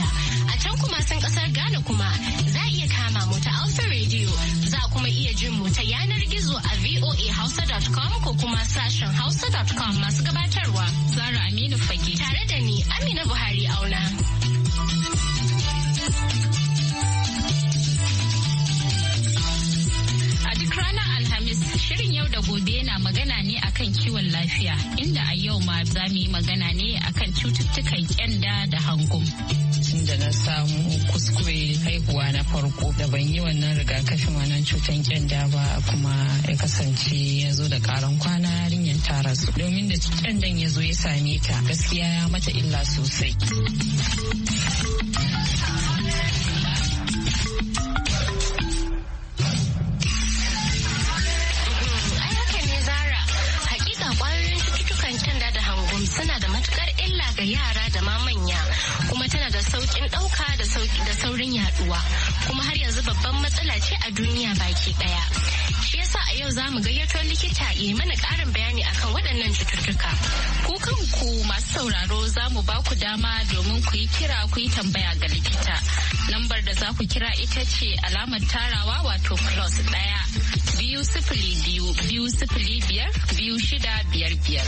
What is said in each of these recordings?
Najeriya. A can kuma sun kasar Ghana kuma za iya kama mu ta Alpha Radio za kuma iya jin mu ta yanar gizo a voahausa.com ko kuma sashen hausa.com masu gabatarwa. Zara Aminu Fage. Tare da ni Amina Buhari Auna. Shirin yau da gobe na magana ne akan kiwon lafiya, inda a yau ma za mu yi magana ne akan cututtukan kyanda da hangum. lokacin da na samu kuskure haihuwa na farko da ban yi wannan rigakafin wannan cutan kyanda ba kuma ya kasance ya zo da karan kwana yarinyar ta rasu domin da kyandan ya zo ya same ta gaskiya ya mata illa sosai. suna da ga yara da ma manya kuma tana da saukin ɗauka da saurin yaduwa kuma har yanzu babban matsala ce a duniya baki ɗaya. Shi yasa a yau za mu gayyato likita ya mana ƙarin bayani akan waɗannan cututtuka. Ku kanku masu sauraro za mu ba ku dama domin ku yi kira ku yi tambaya ga likita. Lambar da za ku kira ita ce alamar tarawa wato plus ɗaya biyu sifili biyu biyu sifili biyar biyu shida biyar biyar.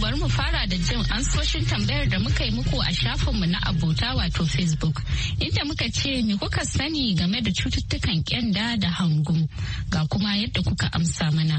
bari mu fara da jin ansoshin tambayar da muka yi muku a shafinmu na abota wato Facebook inda muka ce me kuka sani game da cututtukan kyanda da hangum ga kuma yadda kuka amsa mana.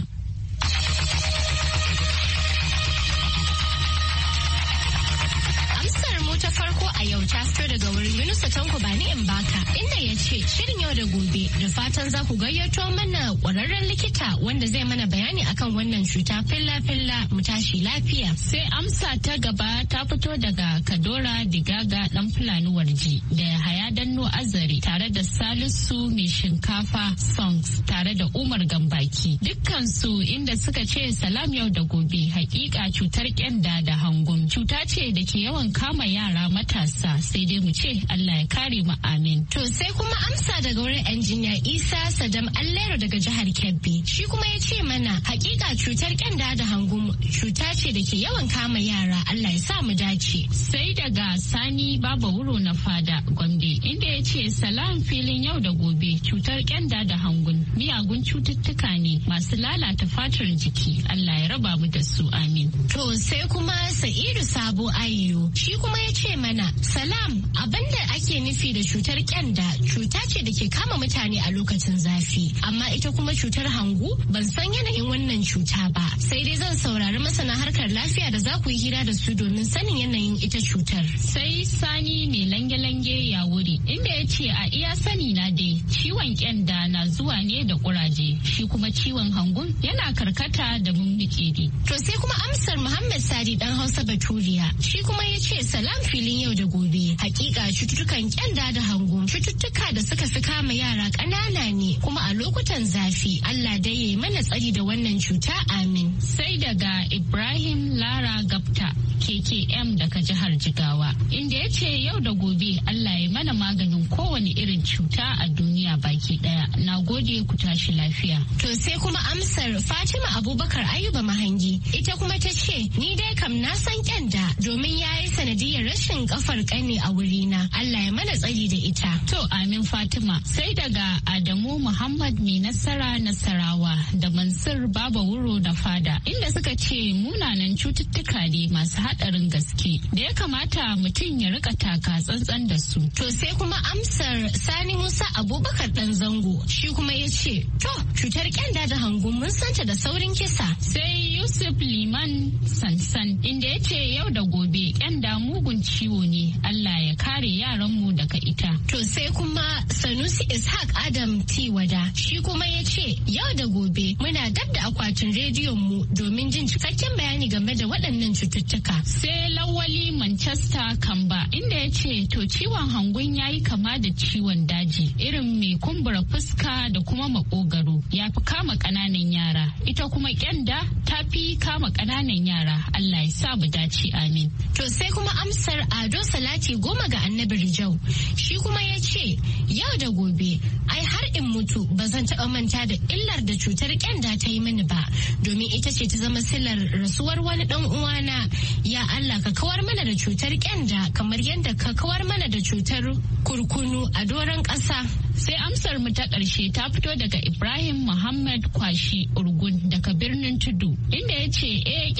a yau ta fito daga wurin minista Tanko Bani Mbaka inda ya ce shirin yau da gobe da fatan za ku gayyato mana kwararren likita wanda zai mana bayani akan wannan cuta filla-filla mu tashi lafiya. Sai amsa ta gaba ta fito daga Kadora Digaga dan Fulani Warji da Haya azari azari tare da Salisu mai shinkafa songs tare da Umar Gambaki dukkansu inda suka ce salam yau da gobe hakika cutar kyanda da hangun cuta ce da ke yawan kama yara matasa sai dai mu ce Allah ya kare mu amin. To sai kuma amsa daga wurin injiniya Isa Sadam Allero daga jihar Kebbi. Shi kuma ya ce mana hakika cutar kyanda da hangum cuta ce da ke yawan kama yara Allah ya sa mu dace. Sai daga Sani Baba Wuro na Fada Gombe inda ya ce salam filin yau da gobe cutar kyanda da hangun miyagun cututtuka ne masu lalata fatar jiki Allah ya raba mu da su amin. To sai kuma Sa'idu Sabo Ayo shi kuma ya ce mana Salam abinda ake nufi da cutar kyanda cuta ce da ke kama mutane a lokacin zafi amma ita kuma cutar hangu ban san yanayin wannan cuta ba sai dai zan saurari masana harkar lafiya da za ku yi hira da su domin sanin yanayin ita cutar. Sai sani mai lange-lange ya wuri inda ya ce a iya sani na dai ciwon kyanda na zuwa ne da kuraje shi kuma ciwon hangun yana karkata da mummuke To sai kuma amsar Muhammad Sadi dan Hausa Baturiya shi kuma ya ce salam filin yau da gobe. Hakika cututtukan kyanda da hangu cututtuka da suka fi kama yara ƙanana ne kuma a lokutan zafi Allah dai yayi mana tsari da wannan cuta amin. Sai daga Ibrahim Lara Gapta KKM daga jihar Jigawa inda ya ce yau da gobe Allah ya mana maganin kowane irin cuta a duniya baki daya. Na gode ku tashi lafiya. To sai kuma amsar Fatima Abubakar Ayuba Mahangi ita kuma ta ce ni dai kam na san kyanda domin ya yi sanadiyar rashin kafar ne a wurina Allah ya mana tsari da ita. To amin Fatima sai daga Adamu Muhammad mai nasara nasarawa da Mansur Baba Wuro da Fada inda suka ce munanan cututtuka ne masu haɗarin gaske da ya kamata mutum ya rika taka tsantsan da su. To sai kuma amsar Sani Musa Abubakar ɗan zango shi kuma ya ce to cutar kyanda da hangun mun santa da saurin kisa. Sai Yusuf Liman Sansan inda ya ce yau da gobe kyanda mugun ciwo ne Allah ya kare yaranmu daga ita. To sai kuma Sanusi Ishaq Adam T wada shi kuma ya ce yau da gobe muna gab da akwatin rediyon mu domin jin cikakken bayani game da waɗannan cututtuka. Sai Lawali Manchester Kamba inda ya ce to ciwon hangun yayi kama da ciwon daji irin mai kumbura fuska da kuma makogaro ya fi kama ƙananan yara ita kuma kyanda ta fi kama ƙananan yara Allah ya sa mu dace amin. To sai kuma amsar Ado salati goma ga annabi Rijau. Shi kuma ya ce, yau da gobe, ai har in mutu ba zan taɓa manta da illar da cutar kyanda ta yi mini ba, domin ita ce ta zama silar rasuwar wani ɗan uwana. Ya Allah ka kawar mana da cutar kyanda kamar yadda ka kawar mana da cutar kurkunu a doron ƙasa. Sai amsar mu ta ƙarshe ta fito daga Ibrahim Muhammad Kwashi Urgun daga birnin Tudu inda ya ce eh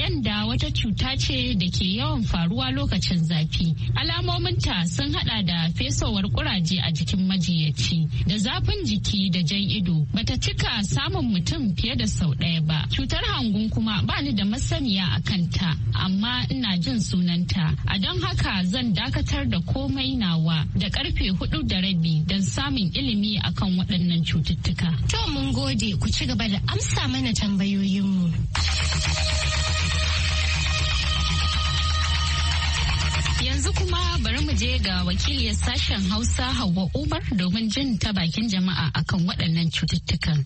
wata cuta ce da ke yawan faruwa lokacin zafi. Alamominta sun hada da fesowar kuraje a jikin majiyaci da zafin jiki da jan ido bata cika samun mutum fiye da sau ɗaya ba. Cutar hangun kuma ba ni da masaniya a kanta amma ina jin sunanta. A don haka zan dakatar da komai nawa da karfe hudu da rabi don samun ilimi ilimi akan waɗannan cututtuka. To mun gode ku ci gaba da amsa mana tambayoyinmu. Yanzu kuma bari mu je ga wakiliyar sashen Hausa Hauwa Umar domin jin ta bakin jama'a akan waɗannan cututtukan.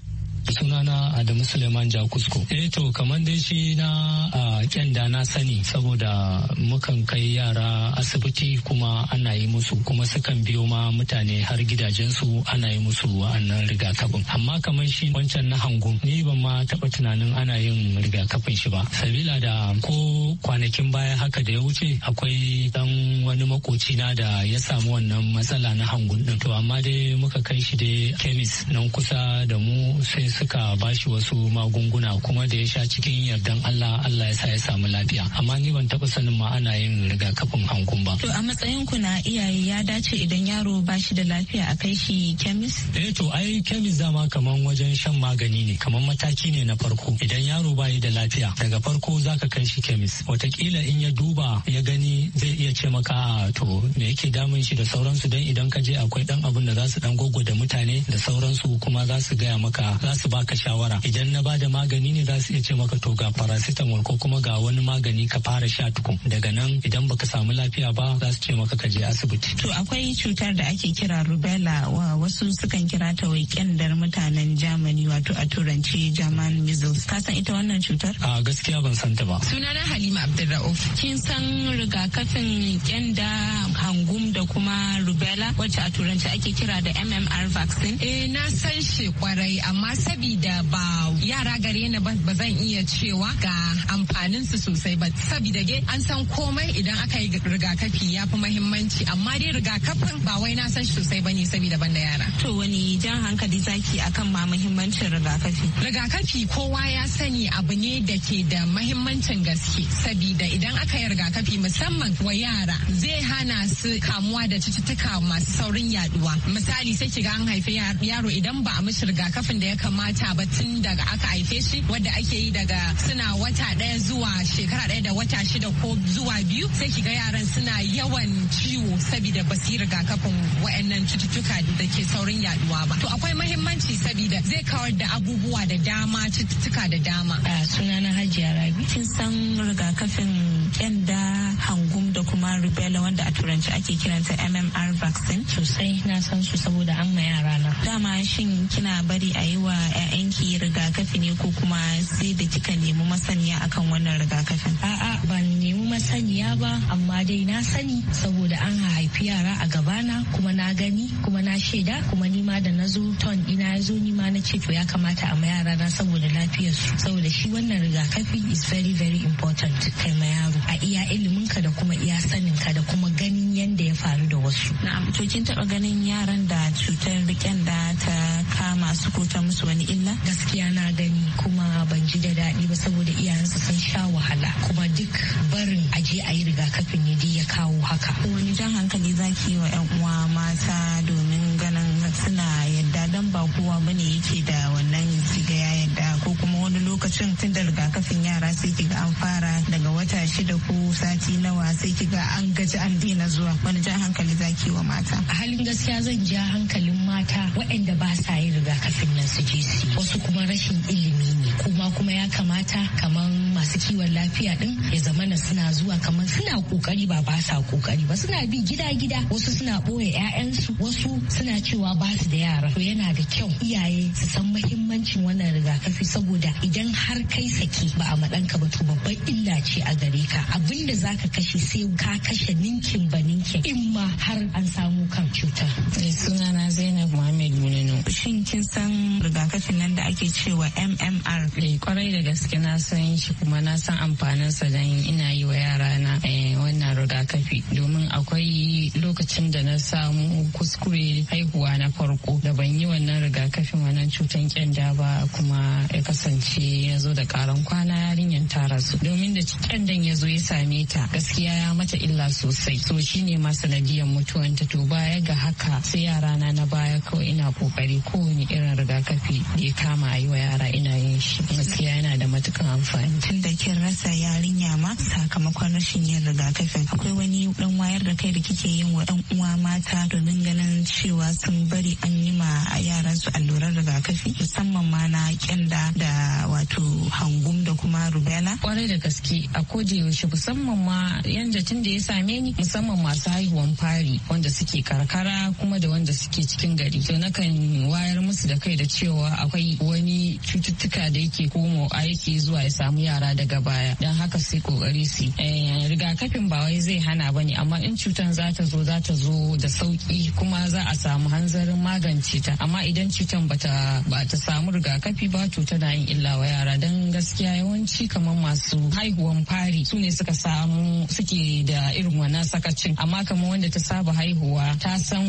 sunana Adamu Suleiman Jakusko. Eh to kamar dai shi na a kyanda na sani saboda mukan kai yara asibiti kuma ana yi musu kuma sukan biyo ma mutane har gidajensu ana yi musu wa'annan rigakafin. Amma kamar shi wancan na hangun ni ban ma taɓa tunanin ana yin rigakafin shi ba. Sabila da ko kwanakin baya haka da ya wuce akwai dan wani makocina da ya samu wannan matsala na hangun ɗin. To amma dai muka kai shi dai kemis nan kusa da mu sai suka ba shi wasu magunguna kuma da ya sha cikin yardan Allah Allah ya sa ya samu lafiya amma ni ban taba sanin ma ana yin rigakafin hankun ba to a matsayin ku na iyaye ya dace idan yaro ba shi da lafiya a kai shi kemis eh to ai kemis dama kaman wajen shan magani ne kaman mataki ne na farko idan yaro ba da lafiya daga farko zaka kai shi kemis watakila in ya duba ya gani zai iya ce maka to me yake damun shi da sauransu don idan ka je akwai dan abun da za su dan da mutane da sauransu kuma za su gaya maka za su baka shawara idan na bada magani ne za su iya ce maka to ga paracetamol ko kuma ga wani magani ka fara sha tukun daga nan idan baka samu lafiya ba za su ce maka ka je asibiti to akwai cutar da ake kira rubella wa wasu sukan kira ta kyandar mutanen Germany wato a turanci German measles ka san ita wannan cutar a gaskiya ban san ta ba sunana Halima abdurrauf kin san rigakafin kyanda hangum da kuma rubella wacce a turanci ake kira da MMR vaccine eh na san shi kwarai amma sai sabida ba yara gare ni ba zan iya cewa ga amfanin su sosai ba sabida dai an san komai idan aka yi rigakafi ya fi mahimmanci amma dai rigakafin ba wai na san shi sosai ne sabida ban da yara. To wani jan hankali zaki akan ma mahimmancin rigakafi. Rigakafi kowa ya sani abu ne da ke da mahimmancin gaske sabida idan aka yi rigakafi musamman wa yara zai hana su kamuwa da cututtuka masu saurin yaduwa misali sai kiga an haifi yaro idan ba a mishi rigakafin da ya kamata kamata ba tun daga aka haife shi wadda ake yi daga suna wata ɗaya zuwa shekara ɗaya da wata shida ko zuwa biyu sai kiga yaran suna yawan ciwo saboda basu su yi rigakafin waɗannan cututtuka da ke saurin yaduwa ba. To akwai mahimmanci saboda zai kawar da abubuwa da dama cututtuka da dama. Sunana Hajiya Rabi. Kin san rigakafin kyanda hangum da kuma rubella wanda a turanci ake kiranta mmr vaccine sosai na san su saboda an ma yara na dama shin kina bari a yi wa 'ya'yanki rigakafi ne ko kuma sai da kika nemi masaniya akan wannan rigakafin a'a ban nemi masaniya ba amma dai na sani saboda an haifi yara a gabana kuma na gani kuma na shaida kuma nima da na zo ton ina ya zo nima na ce to ya kamata a maya yara na saboda su. saboda shi wannan rigakafi is very very important kai ma yaro a iya iliminka da kuma iya saninka da kuma ganin yadda ya faru da wasu. Na'am, to kin taɓa ganin yaran da cutar riken da ta kama su ko ta musu wani illa? Gaskiya na gani kuma ban ji da daɗi ba saboda iyayensu sun sha wahala kuma duk barin aje a yi rigakafin ne ya kawo haka. Wani jan hankali zaki yi wa 'yan uwa mata domin ganin suna yadda don ba kowa bane yake da wannan siga ya yadda ko kuma wani lokacin tun da rigakafin yara sai kiga an fara daga wata shida ko sati nawa sai kiga an gaji an daina zuwa wani jan hankali zaki wa mata. A halin gaskiya zan ja hankalin mata waɗanda ba sa yin rigakafin nan su je su wasu kuma rashin ilimi ne kuma kuma ya kamata kaman. masu kiwon lafiya din ya zamana suna zuwa kamar suna kokari ba ba sa kokari ba suna bi gida-gida wasu suna ɓoye 'ya'yansu wasu suna cewa ba su da yara to yana da kyau iyaye su san muhimmancin wannan rigakafi saboda idan har kai sake ba a maɗanka ba to babban illa ce a gare ka abinda da zaka kashe sai ka kashe ninkin ba ninkin in ma har an samu kan cuta. Eh, sunana zainab muhammed munino shin kin san rigakafin nan da ake cewa mmr eh, kwarai da gaske na san shi kuma kuma na san amfanin sa dan ina yi wa yara na eh, wannan rigakafi domin akwai lokacin da na samu kuskure haihuwa na farko da ban yi wannan rigakafin wannan cutan kyanda ba kuma ya kasance ya zo da karan kwana yarinyar ta rasu domin da kyandan ya zo ya same ta gaskiya ya mata illa sosai so shine ma sanadiyar mutuwanta to baya ga haka sai yara na na baya kawai ina kokari kowane irin rigakafi da ya kama a yi wa yara ina yin shi gaskiya yana da matukan amfani da kin rasa yarinya ma sakamakon rashin yin rigakafi. akwai wani dan wayar da kai da kike yin wa dan uwa mata domin ganin cewa sun bari an yi ma yaran su alluran rigakafi musamman ma na kyanda da wato hangum da kuma rubella kwarai da gaske a koda yaushe musamman ma yan jatin da ya same ni musamman masu haihuwan fari wanda suke karkara kuma da wanda suke cikin gari to nakan wayar musu da kai da cewa akwai wani cututtuka da yake komo a yake zuwa ya samu yara daga baya don haka sai kokari su eh, rigakafin ba wai zai hana ba ne amma in cutan za ta zo za ta zo da sauki kuma za a samu hanzarin magance ta amma idan cutan bata ba ta samu rigakafi ba to tana yin illa wa yara don gaskiya yawanci kamar masu haihuwan fari su ne suka samu suke da irin wannan sakacin amma kamar wanda ta saba haihuwa ta san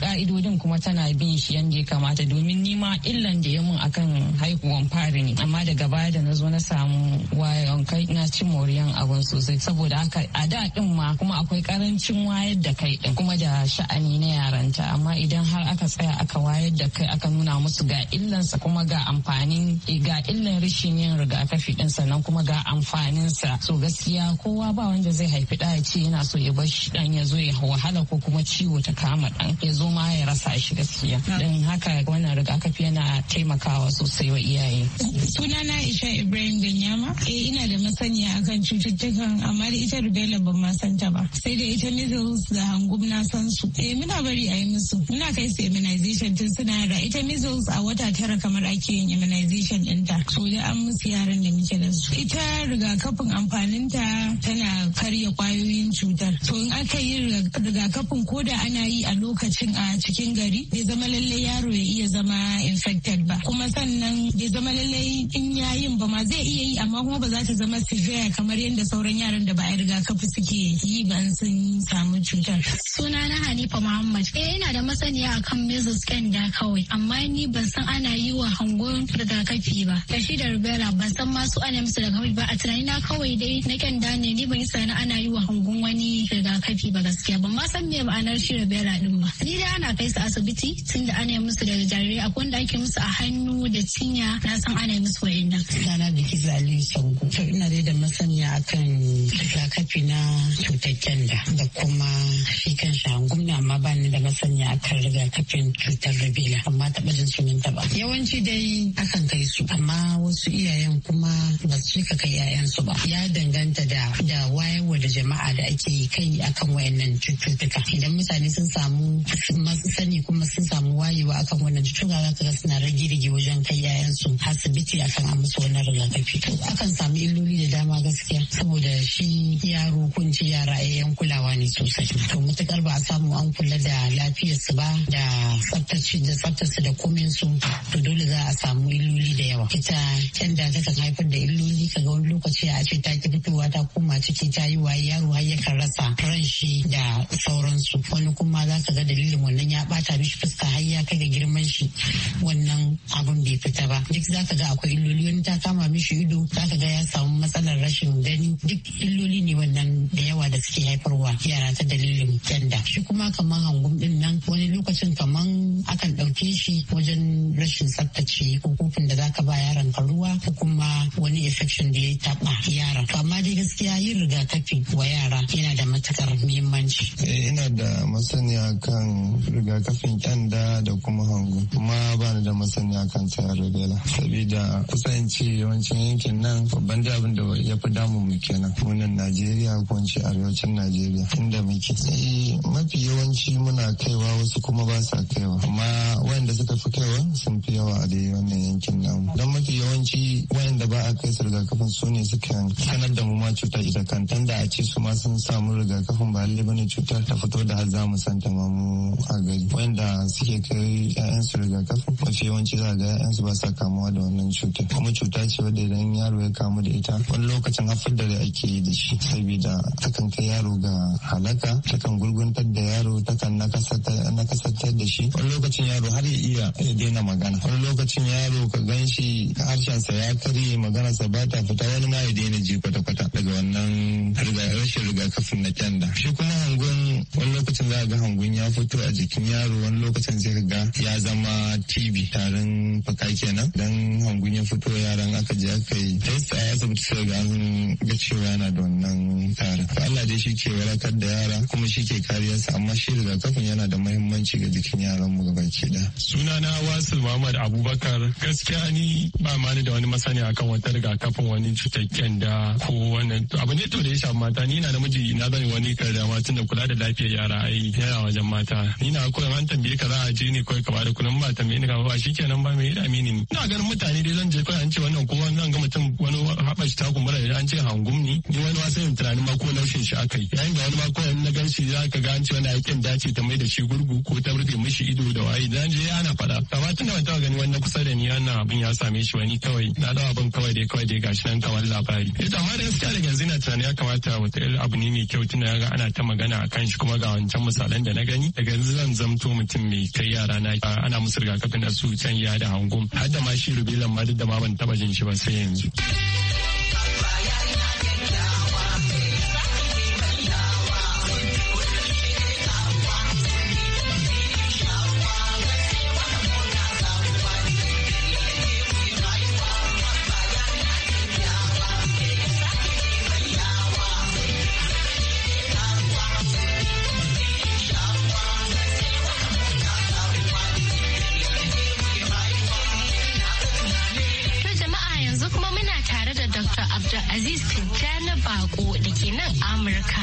ka'idodin kuma tana bin shi yadda ya kamata domin nima illan da ya mun akan haihuwan fari ne amma daga baya da na zo na samu wayan kai na ci moriyan abun sosai saboda haka a da din ma kuma akwai karancin wayar da kai din kuma da sha'ani na yaranta amma idan har aka tsaya aka wayar da kai aka nuna musu ga illansa kuma ga amfanin ga illan rashin yin rigakafi din sannan kuma ga amfaninsa so gaskiya kowa ba wanda zai haifi da ya ce yana so ya bar shi dan ya zo ya wahala ko kuma ciwo ta kama dan ya zo ma ya rasa shi gaskiya din haka wannan rigakafi yana taimakawa sosai wa iyaye sunana Isha Ibrahim Ganyama kuma? Eh ina da masaniya akan cututtukan amma da ita rubella ban ma san ta ba. Sai da ita measles da hangum na san su. Eh muna bari a yi musu. Muna kai su immunization tun suna da Ita measles a wata tara kamar ake yin immunization ɗinta. So da an musu yaran da muke da su. Ita rigakafin ta tana karya kwayoyin cutar. To in aka yi rigakafin ko da ana yi a lokacin a cikin gari bai zama lallai yaro ya iya zama infected ba. Kuma sannan bai zama lallai in yayin ba ma zai iya yi amma amma kuma ba za ta zama severe kamar yadda sauran yaran da ba a riga kafa suke yi ba an sun samu cutar. Suna na Hanifa Muhammad. Eh yana da masaniya akan measles da kawai amma ni ban san ana yi wa hangon rigakafi ba. Tashi da rubella ban san ma su ana musu rigakafi ba a tunani na kawai dai na kyanda ne ni ban yi sani ana yi wa hangon wani rigakafi ba gaskiya ban ma san me ma'anar shi rubella din ba. Ni dai ana kai su asibiti tun da ana musu daga jarirai akwai wanda ake musu a hannu da cinya na san ana musu wa'in nan. sanko to ina dai da masaniya akan rigakafi na cutar kyanda da kuma shi kan amma ba ni da masaniya akan rigakafin cutar rabila amma taɓa jin sunan ta ba yawanci dai akan kai su amma wasu iyayen kuma ba su cika kai 'ya'yansu ba ya danganta da da wayarwa da jama'a da ake kai akan wayannan cututtuka idan mutane sun samu masu sani kuma sun samu wayewa akan wannan cututtuka za ka ga suna rage rage wajen kai 'ya'yansu asibiti akan a musu wannan rigakafi akan samu illoli da dama gaskiya saboda shi yaro kunci yara yayan kulawa ne sosai to mutukar ba a samu an an kula da lafiyar su ba da tsaftace da tsaftarsu da su to dole za a samu illoli da yawa ita kyanda ta kan haifar da illoli kaga wani lokaci a ce ta ki fitowa ta koma ciki ta yi waye yaro har yakan rasa ran shi da sauransu wani kuma za ka ga dalilin wannan ya bata mishi fuska har ya kai ga girman shi wannan abun bai fita ba duk za ka ga akwai illoli wani ta kama mishi ido za ka ga ya samu matsalar rashin gani duk illoli ne wannan da abubuwa da suke haifarwa yara ta dalilin ganda shi kuma kaman hangum din nan wani lokacin kaman akan ɗauke shi wajen rashin tsaftace ko kofin da zaka ba yaron ka ruwa ko kuma wani infection da ya taɓa to amma dai gaskiya yin rigakafi wa yara yana da matukar muhimmanci. Eh, ina da masaniya kan rigakafin kyanda da kuma hangum kuma ba da masaniya kan tsayar rubella sabida kusan yawancin yankin nan babban abin da ya fi damu mu kenan munan najeriya ko in ce arewacin najeriya inda muke eh, mafi yawanci muna kaiwa wasu kuma ba sa kaiwa amma wayanda suka fi kaiwa sun fi yawa a dai wannan yankin namu don mafi yawanci wayanda ba a kai su rigakafin su ne suka sanar da mu ma cutar ita kan da a ce su ma sun samu rigakafin ba lalle bane cutar ta fito da har za mu san ta mu a gari wayanda suke kai ƴaƴan su rigakafin mafi yawanci za a ga ƴaƴan su ba sa kamuwa da wannan cutar kuma cuta ce wadda idan yaro ya kamu da ita wani lokacin haifar da ake yi da shi sabida takan takan yaro ga halaka takan gurguntar da yaro takan nakasatar da shi wani lokacin yaro har ya iya ya daina magana wani lokacin yaro ka gan shi harshensa ya karye maganarsa ba ta fita wani ma ya daina ji kwata-kwata daga wannan rashin rigakafin na kyanda shi kuma hangun wani lokacin za ga hangun ya fito a jikin yaro wani lokacin sai ga ya zama tv tarin faka kenan dan hangun ya fito yaran aka je aka yi test a asibiti sai ga an ga cewa yana da wannan tarin Allah dai shi ke warakar da yara kuma shi ke kariyarsa amma shi rigakafin yana da mahimmanci ga jikin yaran mu gaba ke da. Sunana Wasil Muhammad Abubakar gaskiya ni ba ma ni da wani masani akan wata rigakafin wani cutakken da ko wannan abu ne to da ya shafi mata ni na namiji na zan wani karda ma da kula da lafiyar yara ai yana wajen mata ni na koyon an tambaye ka za a je ne kawai ka bada kullum ba tambaye ni ka ba kenan ba mai da dame ni ina ganin mutane dai zan je kawai an ce wannan kuma zan ga mutum wani haɓa shi ta kumbura an ce hangum ni ni wani wasan tunanin ma ko laushin shi aka yi yayin da wani mako kawai na ganshi za ka ga an ce wani aikin dace ta mai da shi gurgu ko ta rufe mishi ido da waye dan je ana fada amma tunda ban taɓa gani wannan kusa da ni wannan abin ya same shi wani kawai na dawa ban kawai dai kawai dai gashi nan kawai labari ita eh, amma da gaskiya da yanzu na tunani ya kamata wata abu ne mai kyau tunda ga ana ta magana akan shi kuma ga wancan misalan da na gani daga yanzu zan zamto mutum mai kai yara na ana musu rigakafin da su can ya da hangum har da ma shi rubilan ma duk da ma ban taba jin shi ba sai yanzu. Amurka.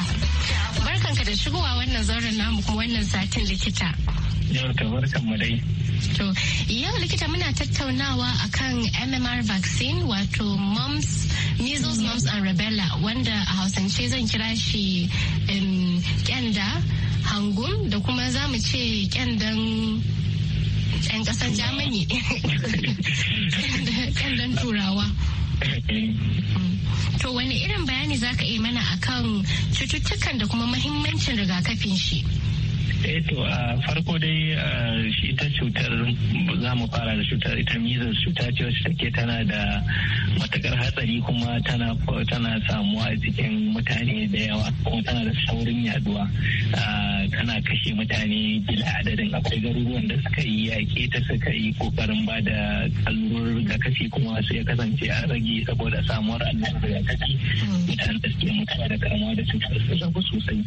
Barkanka da shigowa wannan zauren namu kuma wannan satin likita. Yau To, yau likita muna tattaunawa a kan MMR vaccine wato mumps, measles, mumps and rubella wanda a hausance zan kira shi kyanda, hangum da kuma za mu ce kyandan 'yan kasar Germany. Kyandan turawa. To wani irin bayani za ka iya mana akan cututtukan da kuma muhimmancin rigakafin shi? eh to a farko dai shi ta cutar za mu fara da cutar ita measles cuta ce wacce take tana da matakar hatsari kuma tana tana samuwa a cikin mutane da yawa kuma tana da saurin yaduwa tana kashe mutane bila adadin akwai garuruwan da suka yi yaƙe ta suka yi kokarin ba da allurar rigakafi kuma sai ya kasance a rage saboda samuwar allurar rigakafi mutane da suke mutuwa da kamuwa da cutar su sosai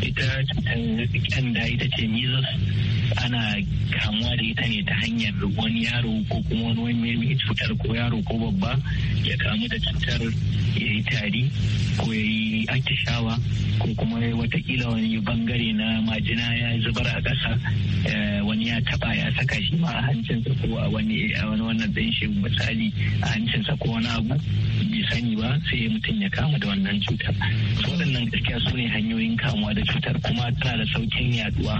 ita cutar ita ce measles ana kamuwa da ita ne ta hanyar wani yaro ko kuma wani mai cutar ko yaro ko babba ya kamu da cutar ya yi tari ko ya yi atishawa ko kuma watakila wani bangare na majina ya zubar a ƙasa eh, wani ya taba ya saka shi ma a hancinsa ko a wani wannan ɗin shi misali a hancinsa ko wani abu bai sani ba sai mutum ya kama da wannan cutar waɗannan gaskiya su ne hanyoyin kamuwa da cutar kuma tana da saukin yaɗu. faruwa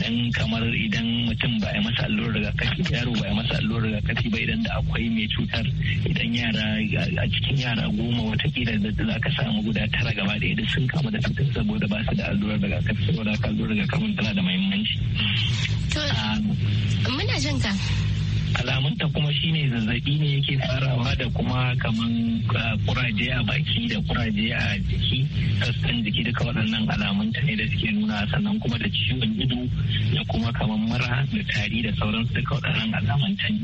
dan kamar idan mutum ba ya masa allurar rigakafi ba yaro ba ya masa allurar rigakafi ba idan da akwai mai cutar idan yara a cikin yara goma watakila da za ka samu guda tara gaba da idan sun kama da cutar saboda ba su da allurar rigakafi saboda haka allurar rigakafin tana da muhimmanci. muna alamunta kuma shine zazzabi ne yake farawa da kuma kaman ah, kuraje a baki da kuraje a jiki sassan jiki duka waɗannan alamunta ne da suke nuna sannan kuma da ciwon ido da kuma kaman mura da tari da sauransu duka waɗannan alamunta ne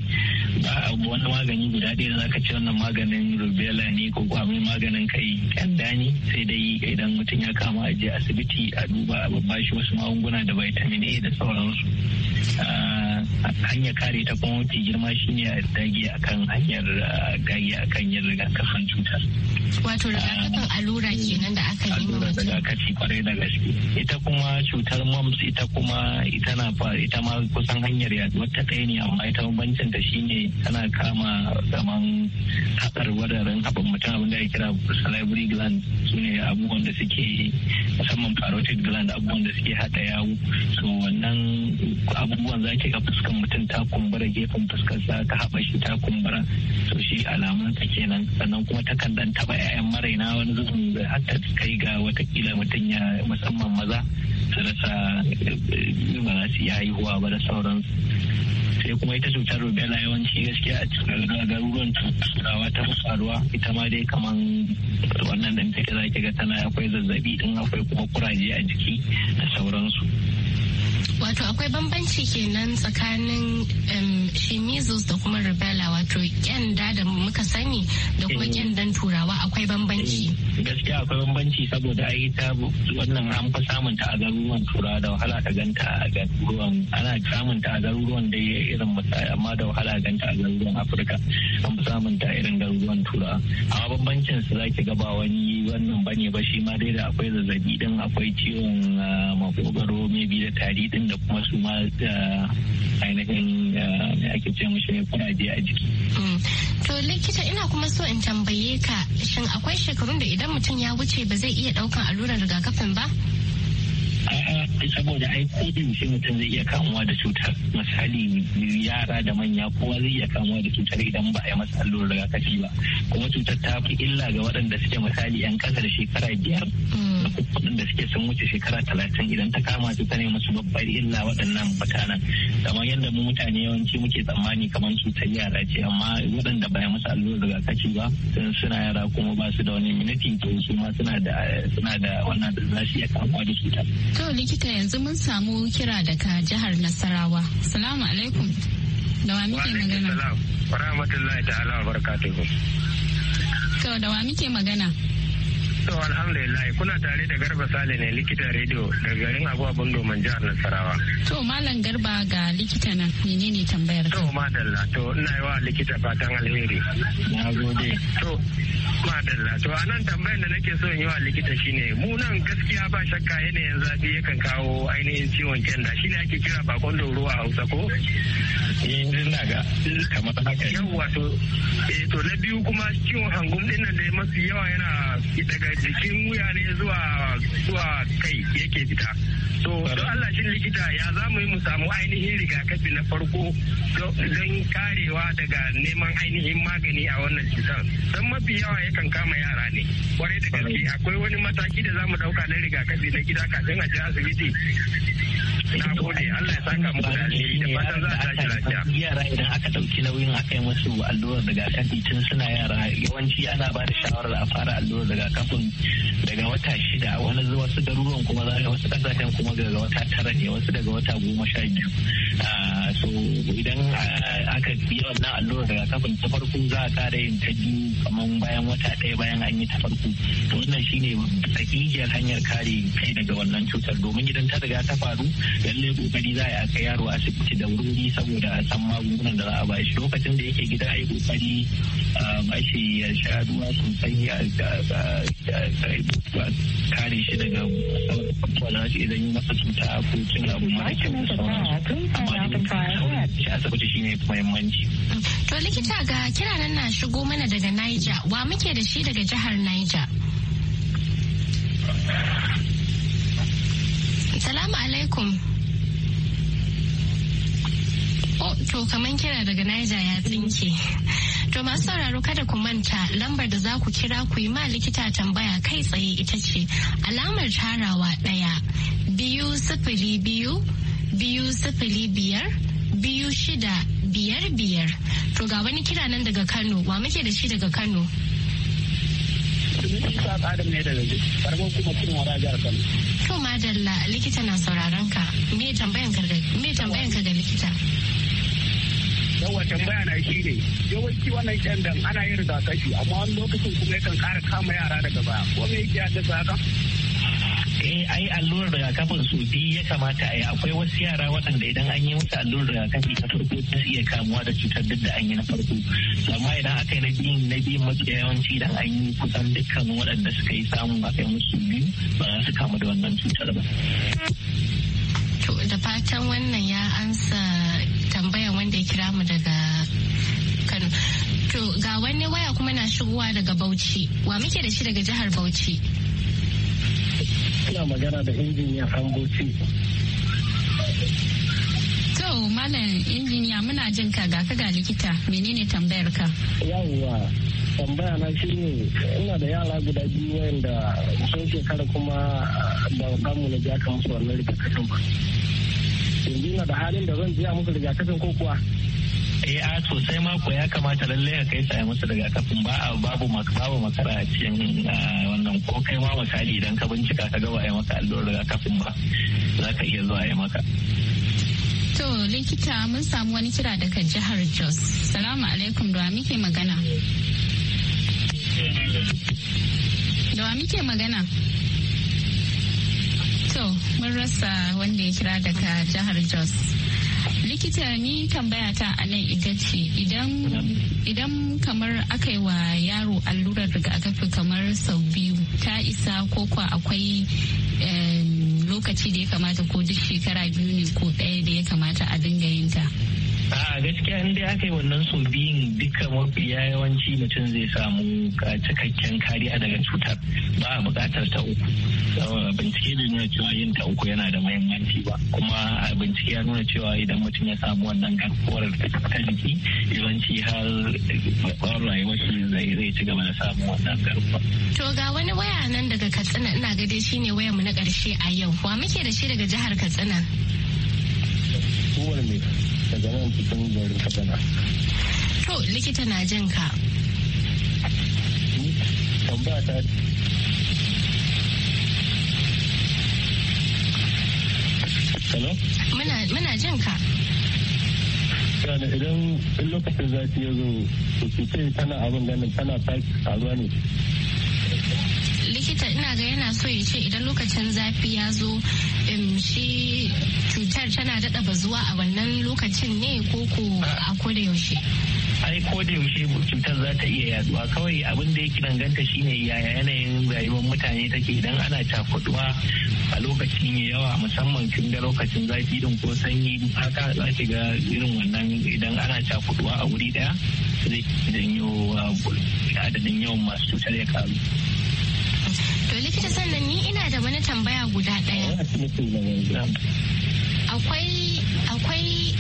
ba wani magani guda ɗaya da zaka ce wannan maganin rubella ne ko kuma maganin kai kyanda ne sai dai idan mutum ya kama a je asibiti a duba a bashi wasu magunguna da vitamin A da sauransu ah, Hanya kare ta kuma mafi girma shi ne a dage a kan hanyar dage kan yin rigakafin cutar wato rigakafin ah, allura kenan da aka yi allura rigakafi kwarai da gaske ita kuma cutar mumps ita kuma ita na ita ma kusan hanyar yaduwar ta ɗaya ne amma ita bambancin ta ne tana kama zaman haɗar wadarin abin mutum abin da ya kira salivary gland su ne abubuwan da suke musamman parotid gland abubuwan da suke haɗa yawu so wannan abubuwan za ka ga fuskan mutum ta kumbura gefen fuskarsa ta haɓa shi ta kumbura to shi alamun ta kenan sannan kuma takan dan taɓa 'ya'yan maraina wani zubin har ta kai ga watakila mutum musamman maza su rasa eh, ba za su yi haihuwa ba da sauransu sai kuma ita cutar rubella yawanci gaskiya a cikin garuruwan turawa ta faruwa ita ma dai kaman wannan ɗin take za ki ga tana akwai zazzabi din akwai kuma kuraje a jiki da sauransu Wato akwai bambanci kenan tsakanin shimizus da kuma rubella wato kyanda da muka sani da kuma kyandan eh. turawa akwai bambanci. Eh, gaskiya akwai bambanci saboda a yi ta wannan an fi samun ta a garuruwan turawa da wahala ta ganta a garuruwan ana samun ta a garuruwan da irin misali amma da wahala a ganta a garuruwan Afirka an fi samun ta irin garuruwan turawa amma bambancin su zaki ga ba wani wannan bane ba shi ma dai da akwai zazzabi din akwai ciwon makogaro biyu da tari din da kuma su ma eh, ainihin eh, me ake ce mashi ne kuraje a jiki. Mm. To likita ina kuma so in tambaye ka shin akwai shekarun da idan mutum ya wuce ba zai iya daukan allurar rigakafin ba? A'a saboda ai ko da shi mutum zai iya kamuwa da cutar misali yara da manya kowa zai iya kamuwa da cutar idan ba a yi masa allurar rigakafi ba kuma cutar ta fi illa ga waɗanda suke misali yan ƙasa da shekara biyar waɗanda suke sun wuce shekara talatin idan ta kama su ta ne masu babbar illa waɗannan mutanen kamar yadda mu mutane yawanci muke tsammani kamar cutar yara ce amma waɗanda ba ya masa allurar rigakafi ba suna yara kuma ba su da wani minitin to su ma suna suna da wannan da za su iya kamuwa da cutar To likita yanzu mun samu kira daga jihar Nasarawa. Salamu alaikum. Da wa muke magana? Wa rahmatullahi ta'ala wa barakatuhu. To da wa muke magana? To alhamdulillah kuna tare da Garba Sale ne likitan rediyo daga garin bundo man jihar Nasarawa. To Malam Garba ga likita nan menene tambayar? To madalla to ina yi wa likita fatan alheri. Na gode. To madalla to a nan tambayar da nake so in yi wa likita shine mu nan gaskiya ba shakka yanayin zafi yakan kawo ainihin ciwon kenda shine ake kira bakon ruwa a Hausa ko? Eh, yanzu ga kamar haka. Yawwa eh, to na biyu kuma ciwon hangum din nan da masu yawa yana daga jikin wuya ne zuwa zuwa kai yake fita to don Allah shi likita ya za mu yi mu samu ainihin rigakafi na farko don karewa daga neman ainihin magani a wannan cutar don mafi yawa yakan kama yara ne kwarai da gaske akwai wani mataki da za mu dauka na rigakafi na gida kafin a je asibiti na gode Allah ya saka da fatan za lafiya yara idan aka dauki nauyin aka yi musu allurar kafin tun suna yara yawanci ana ba da shawarar a fara allurar kafin daga wata shida wani wasu garuruwan kuma za wasu kasashen kuma daga wata tara ne wasu daga wata goma sha biyu ah, so idan ah, aka yi wannan allurar kafin ta farko za a kara yin ta biyu kamar bayan wata ɗaya bayan an yi ta farko to wannan shine tsakiyar hanyar kare kai daga wannan cutar domin idan ta riga ta faru lallai kokari za a aka yaro asibiti da wuri saboda a san magungunan da za a bashi lokacin da yake gida a yi kokari a shi ya sha ruwa sosai a kare shi daga wala shi idan yi masa cuta ko cin abu mara kyau da sauransu shi ne muhimmanci. To likita ga nan na shigo mana daga Niger wa muke da shi daga jihar Niger. Salamu alaikum. Oh, to kaman kira daga Niger ya tsinke. To masu sauraro kada ku manta lambar da za ku kira ku yi ma likita tambaya kai tsaye ita ce alamar tarawa ɗaya biyu sifili biyu biyu sifili biyar biyu shida biyar biyar. To ga wani kira nan daga Kano wa muke da shi daga Kano. ni isa tsarin ne kuma cin wara jihar kano. to madalla likita na sauraron ka me tambayan ka ga likita. yawa tambaya na shi ne yawanci wannan kyandan ana yin rigakafi amma wani lokacin kuma yakan kara kama yara daga baya ko me yake haddasa haka. eh ai allurar rigakafin su biyu ya kamata a akwai wasu yara waɗanda idan an yi musu allurar rigakafi ta farko ta iya kamuwa da cutar duk da an yi na farko amma idan aka yi na biyun na biyun mafi yawanci idan an yi kusan dukkan waɗanda suka yi samun aka musu biyu ba za su kamu da wannan cutar ba. da fatan wannan ya ansa tambayar wanda ya kira mu daga Kano. To ga wani waya kuma na shigowa daga Bauchi. Wa muke da shi daga jihar Bauchi? kuna magana da injiniya Hamboci. To Malam injiniya muna jin ka ga ga likita menene tambayar ka? Yawwa tambaya na shi ne ina da yara guda biyu wanda sun shekara kuma ah, ba mu na jaka musu wannan rigakafin ba. Yanzu ina da halin da zan jiya musu rigakafin ko kuwa? eh a sosai mako ya kamata lalle a kai sai musu kafin ba a babu babu makara a cikin wannan ko kai ma misali idan ka bincika ka ga ba a yi maka kafin ba za ka iya zuwa a yi maka To likita mun samu wani kira daga jihar Jos. Salamu alaikum da muke magana. Da muke magana. To mun rasa wanda ya kira daga jihar Jos. likita ni tambaya ta a nan ita ce idan kamar aka yi wa yaro allurar rigakafi kamar sau biyu ta isa ko kwa akwai lokaci da ya kamata ko duk shekara biyu ne ko ɗaya da ya kamata a dinga yinta. a gaskiya in dai aka yi wannan so biyun duka mafiya yawanci mutum zai samu cikakken kariya daga cutar ba a buƙatar ta uku bincike da nuna cewa yin ta uku yana da mahimmanci ba kuma bincike ya nuna cewa idan mutum ya samu wannan garkuwar ta jiki yawanci har rayuwar shi zai ci gaba da samu wannan garkuwar. to ga wani waya nan daga katsina ina ga dai shine wayar na karshe a yau wa muke da shi daga jihar katsina. daga zama cikin garin katsina. to likita na jin ka. tambaya ta Hello? Muna jin ka. idan lokacin zafi ya zo, su ce tana abin ganin tana faki a ne. likita ina ga yana so ya ce idan lokacin zafi ya zo shi cutar tana daɗa zuwa a wannan lokacin ne ko ko a koda yaushe ai ko da yaushe cutar za ta iya yaduwa kawai abin da yake danganta shine yaya yanayin rayuwar mutane take idan ana cakuduwa a lokacin ya yawa musamman kin ga lokacin zafi din ko sanyi haka za ki ga irin wannan idan ana cakuduwa a wuri daya zai janyo ah, adadin yawan masu cutar ya karu To likita sannan ni ina da wani tambaya guda ɗaya. Akwai akwai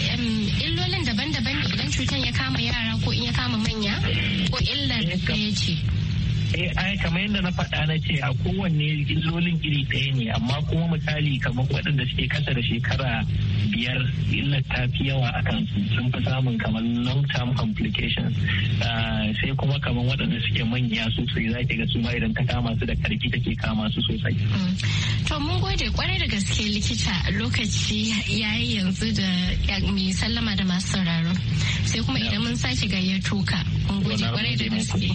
illolin daban-daban da idan cutar ya kama yara ko in ya kama manya ko illar ya ce. Eh, ai kamar yadda na faɗa na ce a kowanne illolin iri ɗaya ne amma kuma misali kamar waɗanda suke kasa da shekara biyar illar ta fi yawa a kan sun fi samun kamar long term complications ah, sai kuma kamar waɗanda suke manya sosai za ki ga su ma idan ta kama su da karfi take kama su sosai. Mm. to mun gode kwarai da gaske likita lokaci ya yi yanzu da mai sallama da masu sauraro sai kuma idan mun sake gayyato ka mun gode kwarai da gaske.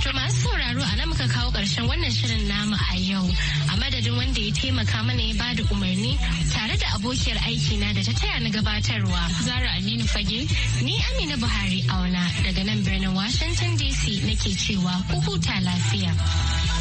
To masu sauraro a nan muka kawo ƙarshen wannan shirin namu a yau. A madadin wanda ya taimaka mana ya bada umarni tare da abokiyar aiki na da ta taya na gabatarwa. Zara Aminu Fage, ni Amina Buhari auna daga nan birnin Washington DC nake cewa ku huta lafiya.